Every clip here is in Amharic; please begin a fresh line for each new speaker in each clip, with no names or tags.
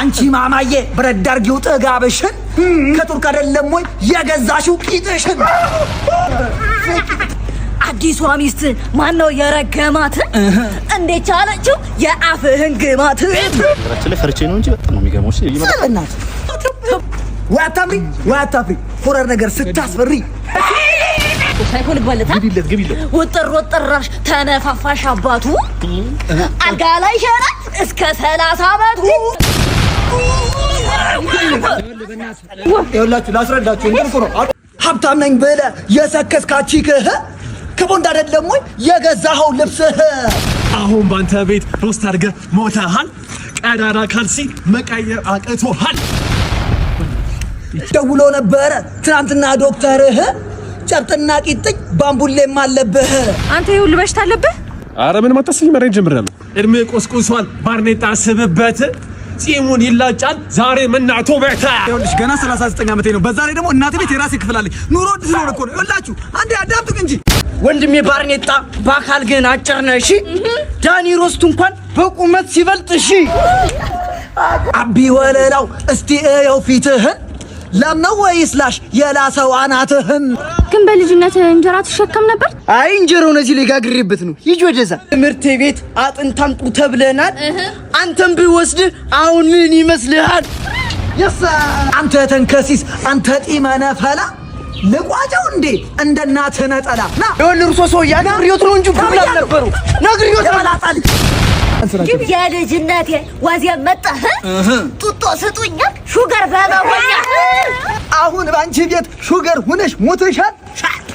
አንቺ ማማዬ ብረት ዳርጊው ጥጋብሽን ከቱርክ አይደለም ወይ የገዛሽው ቂጥሽን
አዲሷ ሚስት ማን ነው የረገማት? እንዴት ቻለችው የአፍህን ግማት?
ራችን ላይ ፈርቼ ነው እንጂ በጣም ነው የሚገርመው።
ወይ አታምሪ ወይ አታፍሪ፣ ፎረር ነገር ስታስፈሪ
አይሆንባለት።
ግቢለት ግቢለት።
ወጠር ወጠራሽ ተነፋፋሽ አባቱ አልጋ ላይ ሸረት እስከ ሰላሳ አመቱ
ይኸውላችሁ ላስረዳችሁ እንዴ ነው ሀብታም ነኝ ብለህ የሰከስካችክህ ከቦንድ አይደለም ወይ የገዛኸው ልብስህ?
አሁን ባንተ ቤት ሮስት አድርገህ ሞተሃል። ቀዳዳ ካልሲ መቀየር አቅቶሃል።
ደውሎ ነበረ ትናንትና ዶክተርህ ጨብጥና ቂጥኝ ባምቡሌም አለብህ።
አንተ ይሁሉ በሽታ አለብህ።
አረ ምንም አታስቢ። መራኝ ጀምራለሁ።
እድሜ ቆስቁሷል። ባርኔጣ ስብበት ጺሙን ይላጫል። ዛሬ መናቶ በታ
ይኸውልሽ፣ ገና 39 ዓመቴ ነው። በዛሬ ደግሞ እናቴ ቤት የራሴ ክፍል አለኝ። ኑሮ ድሮ ነው እኮ ነው። ይኸውላችሁ አንዴ አዳምጡኝ እንጂ ወንድሜ ባርኔጣ፣ በአካል ግን አጭር ነህ። እሺ ዳኒ ሮስቱ እንኳን በቁመት ሲበልጥ። እሺ አቢ ወለላው፣ እስቲ እየው ፊትህን ለም ነው ወይስ የላሰው አናትህን
ግን በልጅነት እንጀራ ትሸከም ነበር?
አይ እንጀራው እዚህ ላይ ጋግሬበት ነው። ሂጅ ወደዛ።
ትምህርት ቤት አጥንት አምጡ ተብለናል። አንተም ብወስድህ አሁን ምን ይመስልሃል?
አንተ ተንከሲስ፣ አንተ ጢመነ ፈላ ለቋጫው እንዴ እንደ እናትህ ነጠላ ና ይሁን እርሶ ሰው ያግሪዮት ነው እንጂ ሁላ ነበሩ ነግሪዮት ተላጣል
ግን የልጅነቴ ዋዚያ መጣህ ጡጦ ስጡኛ ሹገር ባባ ሆኛ
አንቺ ቤት ሹገር ሁነሽ ሞተሻል።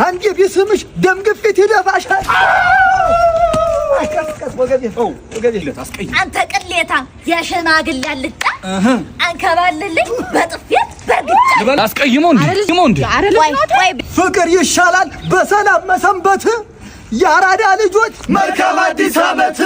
አንዴ ቢስምሽ ደም ግፊት ይደፋሻል።
አንተ ቅሌታ የሽማግሌ አልጣ አንከባልልኝ በጥፌት በግጭ
አስቀይሞ
ፍቅር ይሻላል በሰላም መሰንበት። የአራዳ ልጆች መልካም አዲስ ዓመት።